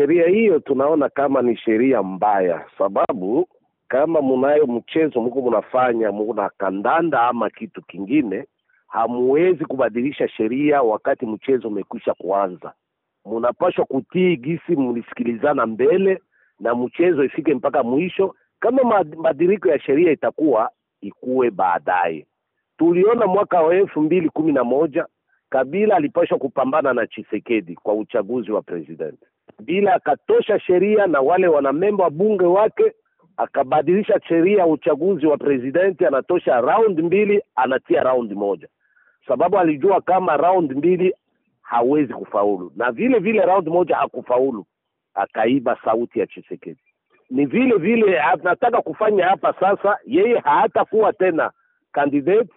sheria hiyo tunaona kama ni sheria mbaya, sababu kama munayo mchezo muko munafanya muna kandanda ama kitu kingine, hamuwezi kubadilisha sheria wakati mchezo umekwisha kuanza. Munapashwa kutii gisi mlisikilizana mbele na mchezo ifike mpaka mwisho. Kama mabadiliko ya sheria itakuwa ikuwe baadaye. Tuliona mwaka wa elfu mbili kumi na moja Kabila alipashwa kupambana na Chisekedi kwa uchaguzi wa presidenti bila akatosha sheria na wale wanamemba wa bunge wake akabadilisha sheria ya uchaguzi wa presidenti, anatosha round mbili anatia raundi moja, sababu alijua kama round mbili hawezi kufaulu, na vile vile round moja hakufaulu, akaiba sauti ya Chisekedi. Ni vile vile anataka kufanya hapa sasa, yeye haatakuwa tena candidate,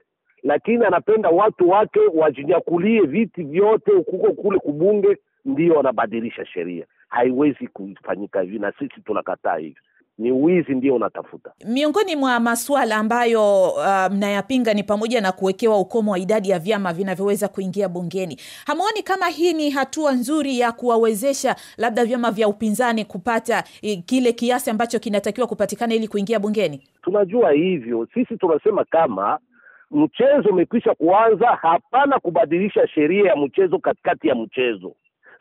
lakini anapenda watu wake wajinyakulie viti vyote ukuko kule kubunge, ndio wanabadilisha sheria haiwezi kufanyika hivi, na sisi tunakataa hivi ni wizi ndio unatafuta. Miongoni mwa masuala ambayo uh, mnayapinga ni pamoja na kuwekewa ukomo wa idadi ya vyama vinavyoweza kuingia bungeni. Hamwoni kama hii ni hatua nzuri ya kuwawezesha labda vyama vya upinzani kupata i, kile kiasi ambacho kinatakiwa kupatikana ili kuingia bungeni? Tunajua hivyo, sisi tunasema kama mchezo umekwisha kuanza, hapana kubadilisha sheria ya mchezo katikati ya mchezo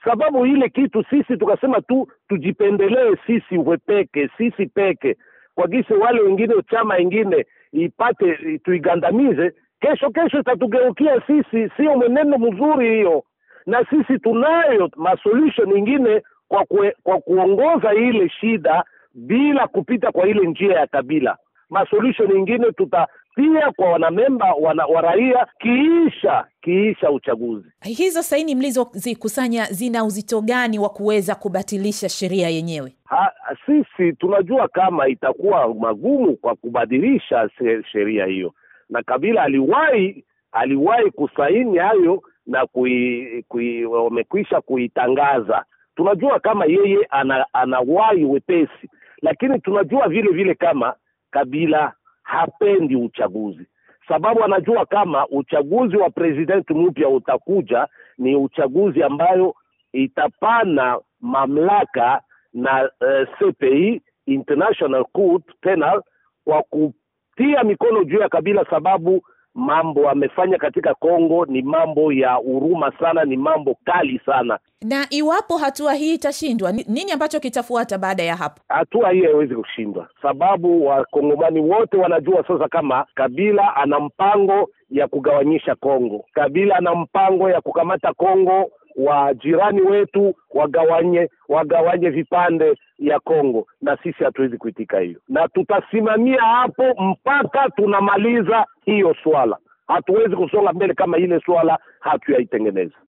sababu ile kitu sisi tukasema tu tujipendelee sisi wepeke sisi peke kwa gisi wale wengine chama ingine ipate tuigandamize kesho kesho itatugeukia sisi sio mwenendo mzuri hiyo na sisi tunayo masolution ingine kwa, kwe, kwa kuongoza ile shida bila kupita kwa ile njia ya kabila masolution ingine tuta pia kwa wanamemba wana, wa raia kiisha kiisha uchaguzi. Hizo saini mlizozikusanya zina uzito gani wa kuweza kubatilisha sheria yenyewe? Ha, sisi tunajua kama itakuwa magumu kwa kubadilisha sheria hiyo, na Kabila aliwahi aliwahi kusaini hayo na kui, kui, wamekwisha kuitangaza. Tunajua kama yeye ana, ana wepesi, lakini tunajua vile vile kama Kabila hapendi uchaguzi sababu anajua kama uchaguzi wa presidenti mpya utakuja ni uchaguzi ambayo itapana mamlaka na uh, eh, CPI International Court Penal kwa kutia mikono juu ya Kabila sababu mambo amefanya katika Kongo ni mambo ya huruma sana, ni mambo kali sana. Na iwapo hatua hii itashindwa, nini ambacho kitafuata baada ya hapo? Hatua hii haiwezi kushindwa, sababu wakongomani wote wanajua sasa kama Kabila ana mpango ya kugawanyisha Kongo. Kabila ana mpango ya kukamata Kongo wajirani wetu wagawanye wagawanye vipande ya Kongo, na sisi hatuwezi kuitika hiyo, na tutasimamia hapo mpaka tunamaliza hiyo swala. Hatuwezi kusonga mbele kama ile swala hatuyaitengeneza.